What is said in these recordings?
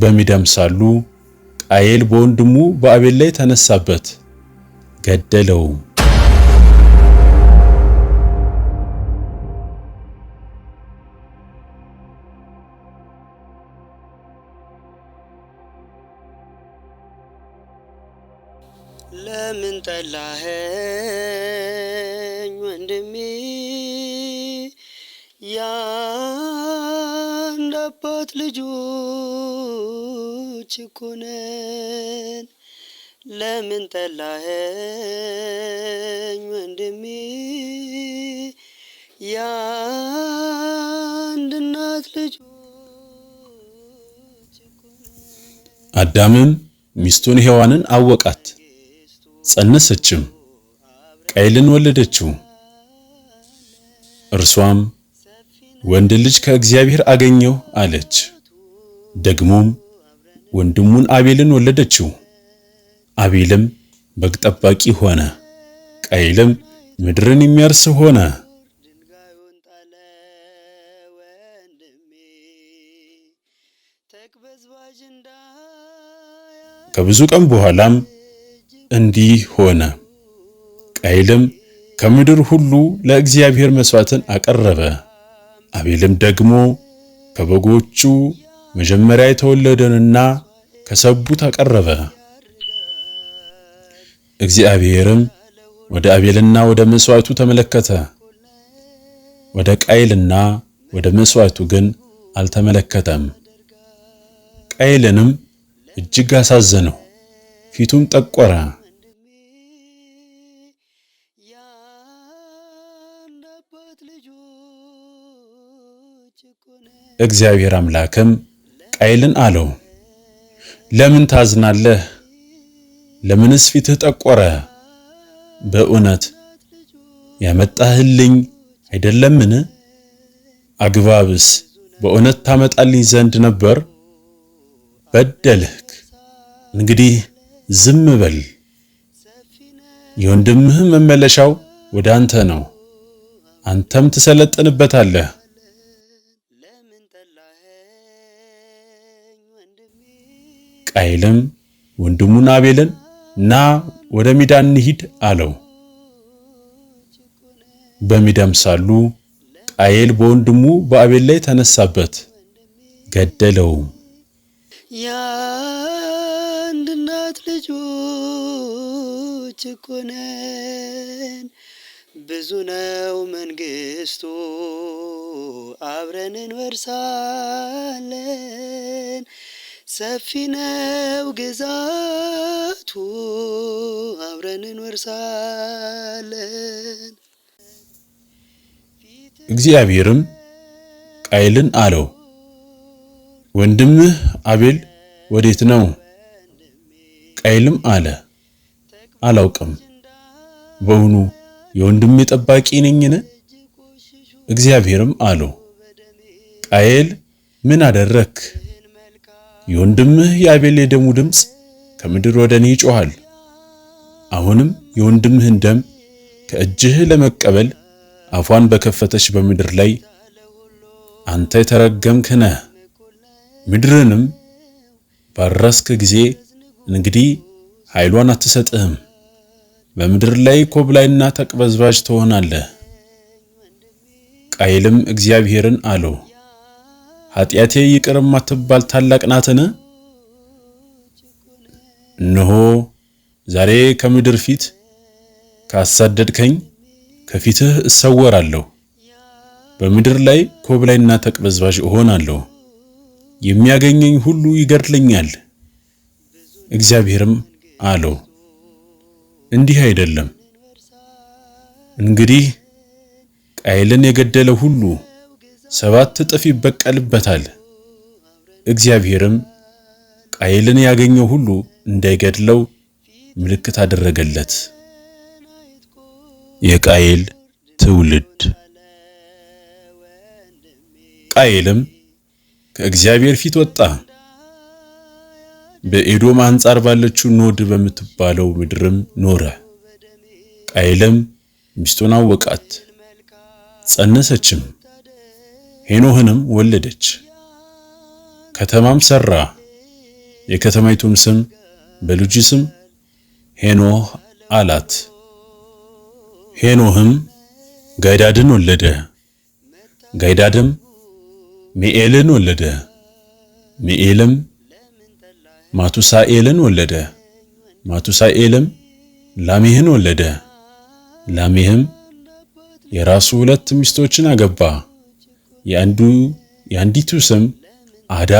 በሚዳም ሳሉ ቃየል በወንድሙ በአቤል ላይ ተነሳበት፣ ገደለው! ለምን ጠላኸኝ ወንድሜ ያንዳባት ልጆ ችኩነን ለምን ጠላኸኝ ወንድሜ? የአንድ እናት ልጅ አዳምም ሚስቱን ሔዋንን አወቃት፣ ጸነሰችም፣ ቀይልን ወለደችው። እርሷም ወንድ ልጅ ከእግዚአብሔር አገኘው አለች። ደግሞም ወንድሙን አቤልን ወለደችው። አቤልም በግ ጠባቂ ሆነ። ቀይልም ምድርን የሚያርስ ሆነ። ከብዙ ቀን በኋላም እንዲህ ሆነ። ቀይልም ከምድር ሁሉ ለእግዚአብሔር መሥዋዕትን አቀረበ። አቤልም ደግሞ ከበጎቹ መጀመሪያ የተወለደንና ከሰቡት አቀረበ። እግዚአብሔርም ወደ አቤልና ወደ መሥዋዕቱ ተመለከተ፣ ወደ ቃይልና ወደ መሥዋዕቱ ግን አልተመለከተም። ቃይልንም እጅግ አሳዘነው፣ ፊቱም ጠቆረ። እግዚአብሔር አምላክም ቃይልን አለው ለምን ታዝናለህ? ለምንስ ፊትህ ጠቆረ? በእውነት ያመጣህልኝ አይደለምን? አግባብስ በእውነት ታመጣልኝ ዘንድ ነበር። በደልህ፣ እንግዲህ ዝም በል። የወንድምህ መመለሻው ወደ አንተ ነው፣ አንተም ትሰለጥንበታለህ። ቃይልም ወንድሙን አቤልን ና ወደ ሜዳ እንሂድ አለው። በሜዳም ሳሉ ቃየል በወንድሙ በአቤል ላይ ተነሳበት፣ ገደለው የአንድ እናት ልጆች እኮ ነን፣ ብዙ ነው መንግስቱ፣ አብረን እንወርሳለን ሰፊ ነው ግዛቱ አብረን እንወርሳለን። እግዚአብሔርም ቃይልን አለው፣ ወንድምህ አቤል ወዴት ነው? ቃይልም አለ፣ አላውቅም። በውኑ የወንድሜ ጠባቂ ነኝን? እግዚአብሔርም አለው፣ ቃየል ምን አደረክ? የወንድምህ የአቤል የደሙ ድምፅ ከምድር ወደ እኔ ይጮኻል። አሁንም የወንድምህን ደም ከእጅህ ለመቀበል አፏን በከፈተች በምድር ላይ አንተ የተረገምክ ነህ። ምድርንም ባረስክ ጊዜ እንግዲህ ኃይሏን አትሰጥህም። በምድር ላይ ኮብላይና ተቅበዝባዥ ትሆናለህ። ቃይልም እግዚአብሔርን አለው ኃጢአቴ ይቅር የማትባል ታላቅ ናትን? እነሆ ዛሬ ከምድር ፊት ካሳደድከኝ ከፊትህ እሰወራለሁ። በምድር ላይ ኮብላይና ተቅበዝባዥ እሆናለሁ። የሚያገኘኝ ሁሉ ይገድለኛል። እግዚአብሔርም አለው እንዲህ አይደለም። እንግዲህ ቃየልን የገደለ ሁሉ ሰባት እጥፍ ይበቀልበታል። እግዚአብሔርም ቃየልን ያገኘው ሁሉ እንዳይገድለው ምልክት አደረገለት። የቃየል ትውልድ ቃየልም ከእግዚአብሔር ፊት ወጣ። በኤዶም አንጻር ባለችው ኖድ በምትባለው ምድርም ኖረ። ቃየልም ሚስቱን አወቃት፣ ጸነሰችም። ሄኖህንም ወለደች። ከተማም ሰራ። የከተማይቱም ስም በልጁ ስም ሄኖህ አላት። ሄኖህም ጋይዳድን ወለደ። ጋይዳድም ሚኤልን ወለደ። ሚኤልም ማቱሳኤልን ወለደ። ማቱሳኤልም ላሜህን ወለደ። ላሜህም የራሱ ሁለት ሚስቶችን አገባ። የአንዱ የአንዲቱ ስም አዳ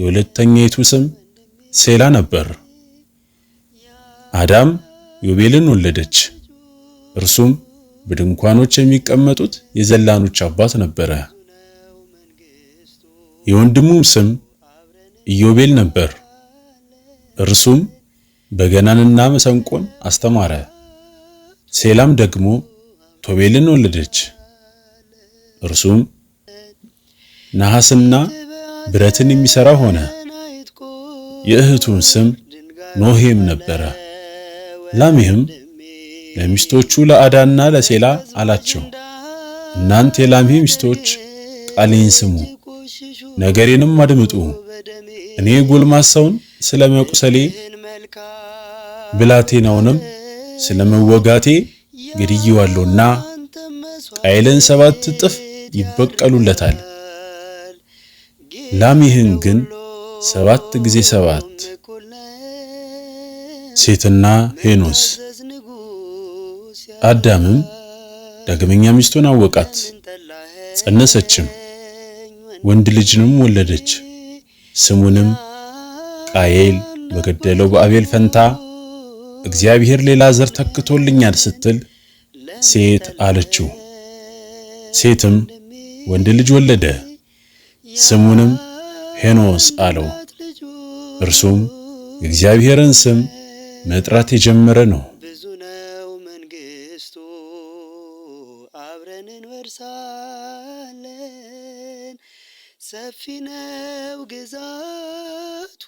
የሁለተኛይቱ ስም ሴላ ነበር። አዳም ዮቤልን ወለደች። እርሱም በድንኳኖች የሚቀመጡት የዘላኖች አባት ነበረ። የወንድሙ ስም ኢዮቤል ነበር። እርሱም በገናንና መሰንቆን አስተማረ። ሴላም ደግሞ ቶቤልን ወለደች። እርሱም ነሐስና ብረትን የሚሠራ ሆነ። የእህቱን ስም ኖሄም ነበረ። ላሜህም ለሚስቶቹ ለአዳና ለሴላ አላቸው፣ እናንተ የላሜህ ሚስቶች ቃሌን ስሙ፣ ነገሬንም አድምጡ። እኔ ጎልማሳውን ስለ መቁሰሌ ብላቴናውንም ስለ መወጋቴ ገድዬዋለሁና ቃየልን ሰባት እጥፍ ይበቀሉለታል። ላሜህን ግን ሰባት ጊዜ ሰባት ሴትና ሄኖስ አዳምም ዳግመኛ ሚስቱን አወቃት፣ ጸነሰችም፣ ወንድ ልጅንም ወለደች። ስሙንም ቃየል በገደለው በአቤል ፈንታ እግዚአብሔር ሌላ ዘር ተክቶልኛል ስትል ሴት አለችው። ሴትም ወንድ ልጅ ወለደ። ስሙንም ሄኖስ አለው። እርሱም የእግዚአብሔርን ስም መጥራት የጀመረ ነው። ብዙ ነው መንግስቱ አብረን እንወርሳለን፣ ሰፊ ነው ግዛቱ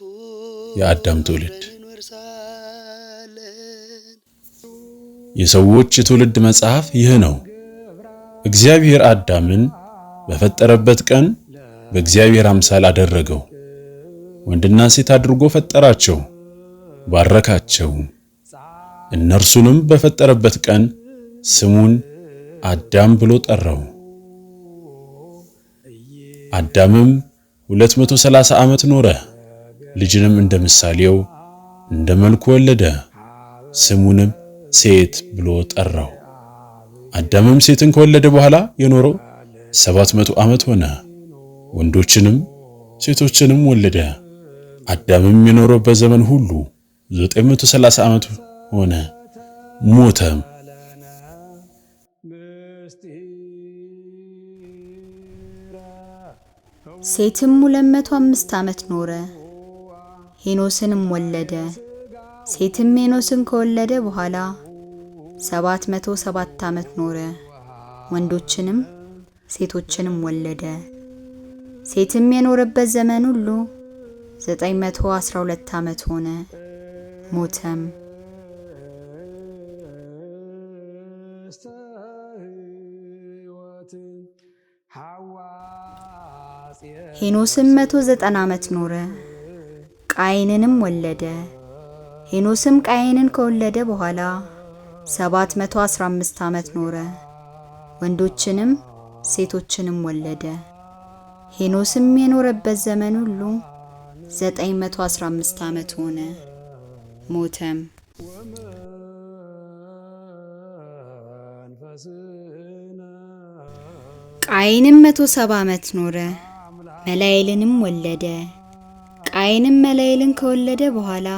የአዳም ትውልድ የሰዎች የትውልድ መጽሐፍ ይህ ነው። እግዚአብሔር አዳምን በፈጠረበት ቀን በእግዚአብሔር አምሳል አደረገው። ወንድና ሴት አድርጎ ፈጠራቸው፣ ባረካቸው። እነርሱንም በፈጠረበት ቀን ስሙን አዳም ብሎ ጠራው። አዳምም 230 ዓመት ኖረ፣ ልጅንም እንደ ምሳሌው እንደ መልኩ ወለደ፣ ስሙንም ሴት ብሎ ጠራው። አዳምም ሴትን ከወለደ በኋላ የኖረው 700 ዓመት ሆነ። ወንዶችንም ሴቶችንም ወለደ። አዳምም የኖረበት ዘመን ሁሉ 930 ዓመት ሆነ፣ ሞተም። ሴትም 205 ዓመት ኖረ፣ ሄኖስንም ወለደ። ሴትም ሄኖስን ከወለደ በኋላ 707 ዓመት ኖረ፣ ወንዶችንም ሴቶችንም ወለደ። ሴትም የኖረበት ዘመን ሁሉ 912 ዓመት ሆነ፣ ሞተም። ሄኖስም 190 ዓመት ኖረ፣ ቃይንንም ወለደ። ሄኖስም ቃይንን ከወለደ በኋላ 715 ዓመት ኖረ፣ ወንዶችንም ሴቶችንም ወለደ። ሄኖስም የኖረበት ዘመን ሁሉ 915 ዓመት ሆነ፣ ሞተም። ቃይንም 170 ዓመት ኖረ፣ መላኤልንም ወለደ። ቃይንም መላኤልን ከወለደ በኋላ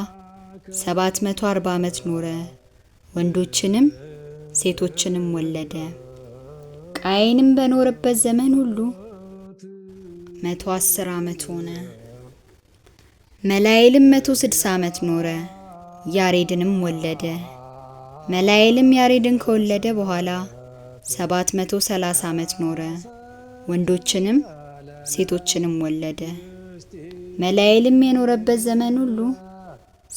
740 ዓመት ኖረ፣ ወንዶችንም ሴቶችንም ወለደ። ቃይንም በኖረበት ዘመን ሁሉ መቶ አስር ዓመት ሆነ። መላኤልም መቶ ስድሳ ዓመት ኖረ፣ ያሬድንም ወለደ። መላኤልም ያሬድን ከወለደ በኋላ ሰባት መቶ ሰላሳ ዓመት ኖረ፣ ወንዶችንም ሴቶችንም ወለደ። መላኤልም የኖረበት ዘመን ሁሉ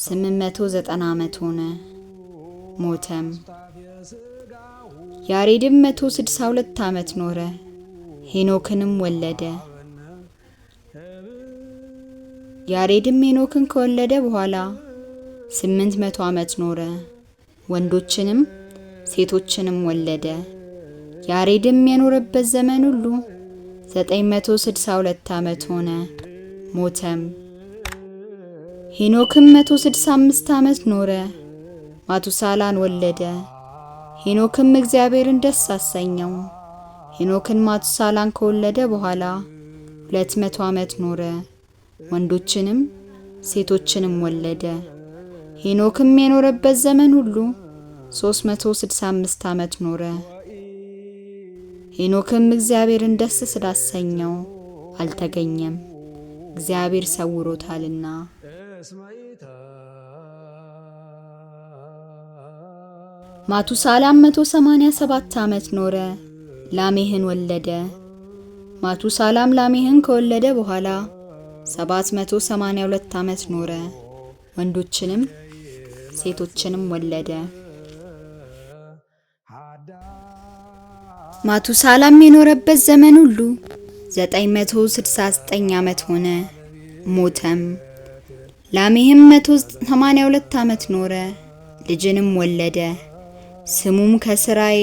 ስምንት መቶ ዘጠና ዓመት ሆነ፣ ሞተም። ያሬድም መቶ ስድሳ ሁለት ዓመት ኖረ፣ ሄኖክንም ወለደ። ያሬድም ሄኖክን ከወለደ በኋላ ስምንት መቶ ዓመት ኖረ፣ ወንዶችንም ሴቶችንም ወለደ። ያሬድም የኖረበት ዘመን ሁሉ 962 ዓመት ሆነ፣ ሞተም። ሄኖክም 165 ዓመት ኖረ፣ ማቱሳላን ወለደ። ሄኖክም እግዚአብሔርን ደስ አሰኘው። ሄኖክን ማቱሳላን ከወለደ በኋላ 200 ዓመት ኖረ። ወንዶችንም ሴቶችንም ወለደ። ሄኖክም የኖረበት ዘመን ሁሉ 365 ዓመት ኖረ። ሄኖክም እግዚአብሔርን ደስ ስላሰኘው አልተገኘም፣ እግዚአብሔር ሰውሮታልና። ማቱሳላም 187 ዓመት ኖረ፣ ላሜህን ወለደ። ማቱሳላም ላሜህን ከወለደ በኋላ 782 ዓመት ኖረ፣ ወንዶችንም ሴቶችንም ወለደ። ማቱሳላም የኖረበት ዘመን ሁሉ 969 ዓመት ሆነ፣ ሞተም። ላሜህም 182 ዓመት ኖረ፣ ልጅንም ወለደ። ስሙም ከስራዬ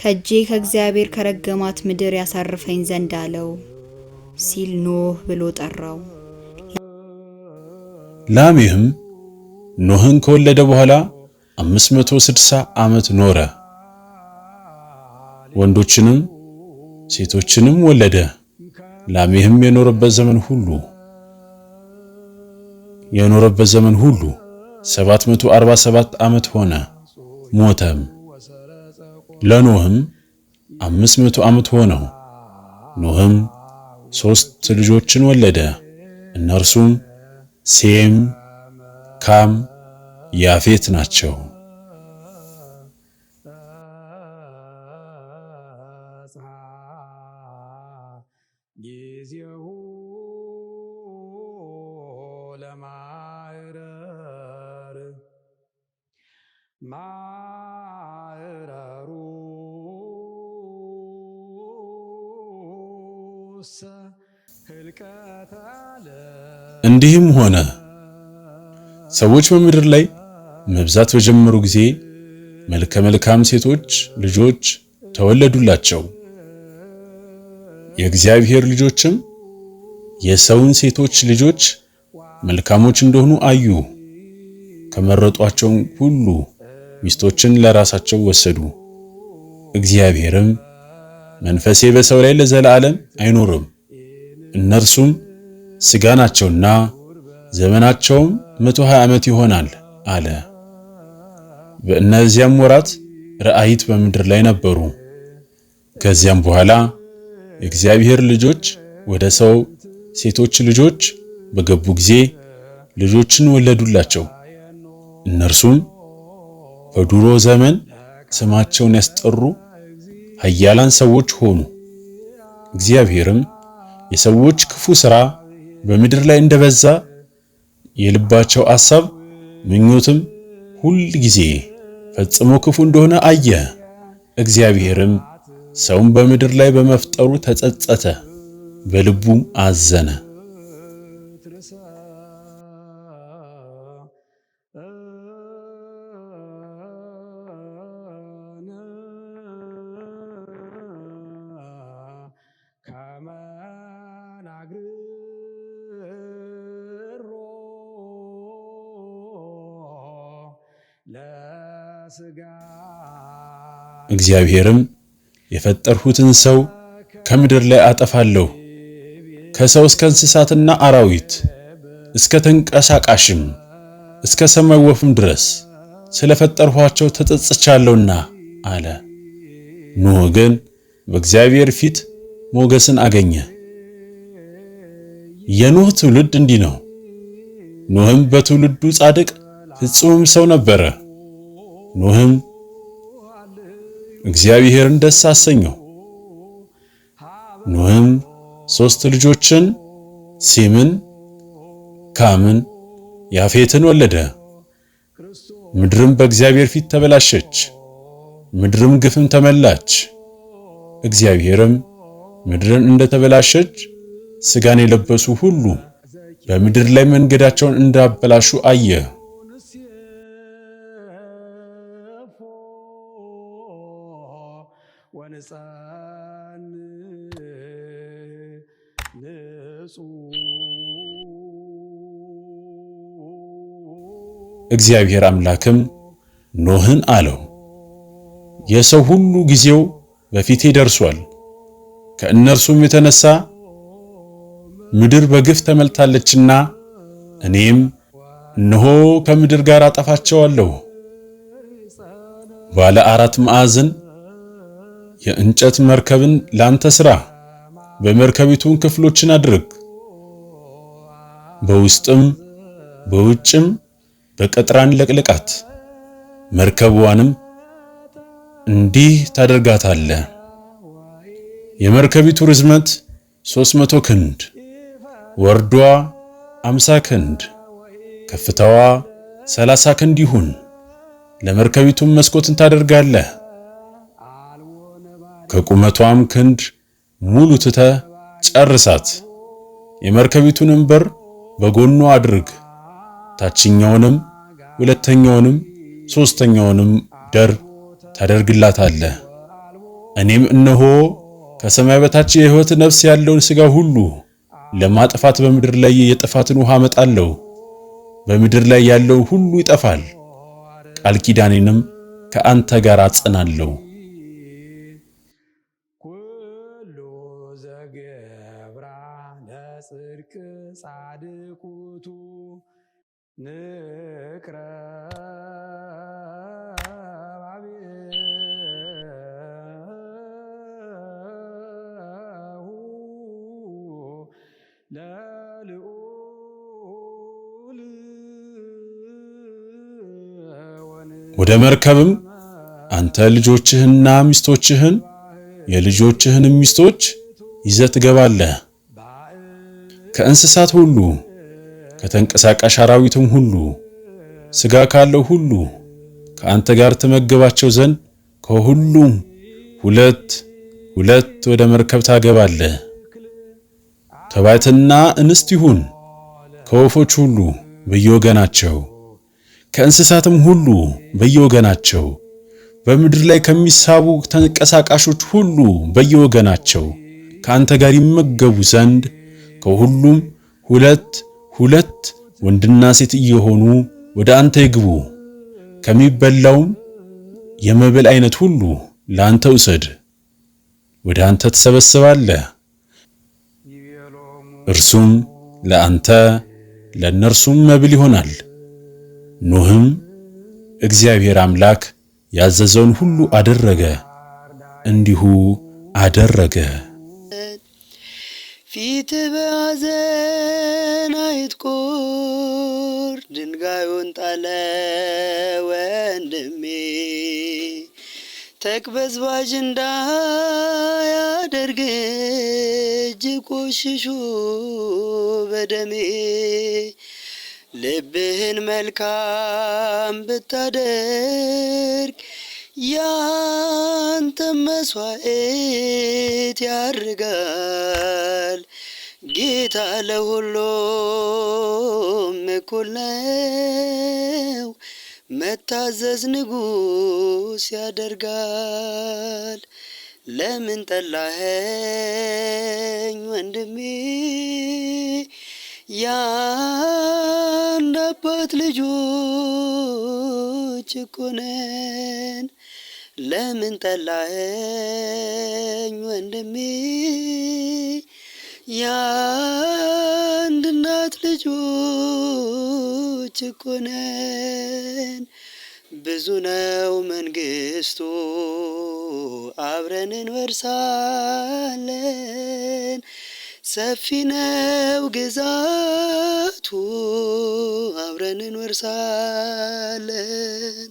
ከእጄ ከእግዚአብሔር ከረገማት ምድር ያሳርፈኝ ዘንድ አለው። ሲል ኖህ ብሎ ጠራው። ላሜህም ኖህን ከወለደ በኋላ 560 ዓመት ኖረ፣ ወንዶችንም ሴቶችንም ወለደ። ላሜህም የኖረበት ዘመን ሁሉ የኖረበት ዘመን ሁሉ 747 ዓመት ሆነ፣ ሞተም። ለኖህም 500 ዓመት ሆነው። ኖህም ሶስት ልጆችን ወለደ። እነርሱም ሴም፣ ካም፣ ያፌት ናቸው። ጊዜሁ እንዲህም ሆነ ሰዎች በምድር ላይ መብዛት በጀመሩ ጊዜ መልከ መልካም ሴቶች ልጆች ተወለዱላቸው። የእግዚአብሔር ልጆችም የሰውን ሴቶች ልጆች መልካሞች እንደሆኑ አዩ። ከመረጧቸውም ሁሉ ሚስቶችን ለራሳቸው ወሰዱ። እግዚአብሔርም መንፈሴ በሰው ላይ ለዘላለም አይኖርም፣ እነርሱም ሥጋ ናቸውና ዘመናቸውም መቶ ሃያ ዓመት ይሆናል አለ። በእነዚያም ወራት ራአይት በምድር ላይ ነበሩ። ከዚያም በኋላ የእግዚአብሔር ልጆች ወደ ሰው ሴቶች ልጆች በገቡ ጊዜ ልጆችን ወለዱላቸው። እነርሱም በዱሮ ዘመን ስማቸውን ያስጠሩ ኃያላን ሰዎች ሆኑ። እግዚአብሔርም የሰዎች ክፉ ሥራ በምድር ላይ እንደበዛ የልባቸው አሳብ ምኞትም ሁል ጊዜ ፈጽሞ ክፉ እንደሆነ አየ። እግዚአብሔርም ሰውን በምድር ላይ በመፍጠሩ ተጸጸተ፣ በልቡም አዘነ። እግዚአብሔርም የፈጠርሁትን ሰው ከምድር ላይ አጠፋለሁ ከሰው እስከ እንስሳትና አራዊት እስከ ተንቀሳቃሽም እስከ ሰማይ ወፍም ድረስ ስለፈጠርኋቸው ተጸጽቻለሁና አለ። ኖኅ ግን በእግዚአብሔር ፊት ሞገስን አገኘ። የኖኅ ትውልድ እንዲህ ነው። ኖኅም በትውልዱ ጻድቅ ፍጹም ሰው ነበረ። ኖህም እግዚአብሔርን ደስ አሰኘው። ኖህም ሶስት ልጆችን ሴምን፣ ካምን፣ ያፌትን ወለደ። ምድርም በእግዚአብሔር ፊት ተበላሸች፣ ምድርም ግፍም ተመላች። እግዚአብሔርም ምድርን እንደተበላሸች ሥጋን የለበሱ ሁሉ በምድር ላይ መንገዳቸውን እንዳበላሹ አየ። እግዚአብሔር አምላክም ኖህን አለው፣ የሰው ሁሉ ጊዜው በፊቴ ደርሷል። ከእነርሱም የተነሳ ምድር በግፍ ተመልታለችና እኔም እነሆ ከምድር ጋር አጠፋቸዋለሁ። ባለ አራት ማዕዘን የእንጨት መርከብን ላንተ ሥራ፣ በመርከቢቱን ክፍሎችን አድርግ በውስጥም በውጭም በቀጥራን ለቅልቃት መርከቧንም እንዲህ ታደርጋታለ። የመርከቢቱ ርዝመት 300 ክንድ፣ ወርዷ 50 ክንድ፣ ከፍታዋ 30 ክንድ ይሁን። ለመርከቢቱም መስኮትን ታደርጋለ። ከቁመቷም ክንድ ሙሉ ትተ ጨርሳት። የመርከቢቱንም በር በጎኗ አድርግ ታችኛውንም ሁለተኛውንም ሦስተኛውንም ደር ታደርግላታለህ። እኔም እነሆ ከሰማይ በታች የሕይወት ነፍስ ያለውን ሥጋ ሁሉ ለማጥፋት በምድር ላይ የጥፋትን ውሃ አመጣለሁ። በምድር ላይ ያለው ሁሉ ይጠፋል። ቃል ኪዳኔንም ከአንተ ጋር አጽናለሁ። ወደ መርከብም አንተ ልጆችህንና ሚስቶችህን የልጆችህንም ሚስቶች ይዘህ ትገባለህ። ከእንስሳት ሁሉ ከተንቀሳቃሽ አራዊትም ሁሉ ሥጋ ካለው ሁሉ ከአንተ ጋር ተመገባቸው ዘንድ ከሁሉም ሁለት ሁለት ወደ መርከብ ታገባለህ። ተባይትና እንስት ይሁን ከወፎች ሁሉ በየወገናቸው ከእንስሳትም ሁሉ በየወገናቸው በምድር ላይ ከሚሳቡ ተንቀሳቃሾች ሁሉ በየወገናቸው ከአንተ ጋር ይመገቡ ዘንድ ከሁሉም ሁለት ሁለት ወንድና ሴት እየሆኑ ወደ አንተ ይግቡ። ከሚበላውም የመብል አይነት ሁሉ ለአንተ ውሰድ። ወደ አንተ ትሰበስባለህ፣ እርሱም ለአንተ ለእነርሱም መብል ይሆናል። ኖህም እግዚአብሔር አምላክ ያዘዘውን ሁሉ አደረገ፣ እንዲሁ አደረገ። ፊት በሐዘን አይትኮር፣ ድንጋዩን ጣለ ወንድሜ፣ ተቅበዝባዥ እንዳያደርግ እጅ ቆሽሹ በደሜ ልብህን መልካም ብታደርግ ያንተ መስዋዕት ያርጋል። ጌታ ለሁሉም እኩል ነው፣ መታዘዝ ንጉስ ያደርጋል። ለምን ጠላኸኝ ወንድሜ? የአባት ልጆች እኮ ነን። ለምን ጠላኸኝ ወንድሜ? የአንድ እናት ልጆች እኮ ነን። ብዙ ነው መንግስቱ፣ አብረን እንወርሳለን። ሰፊ ነው ግዛቱ አብረን እንወርሳለን።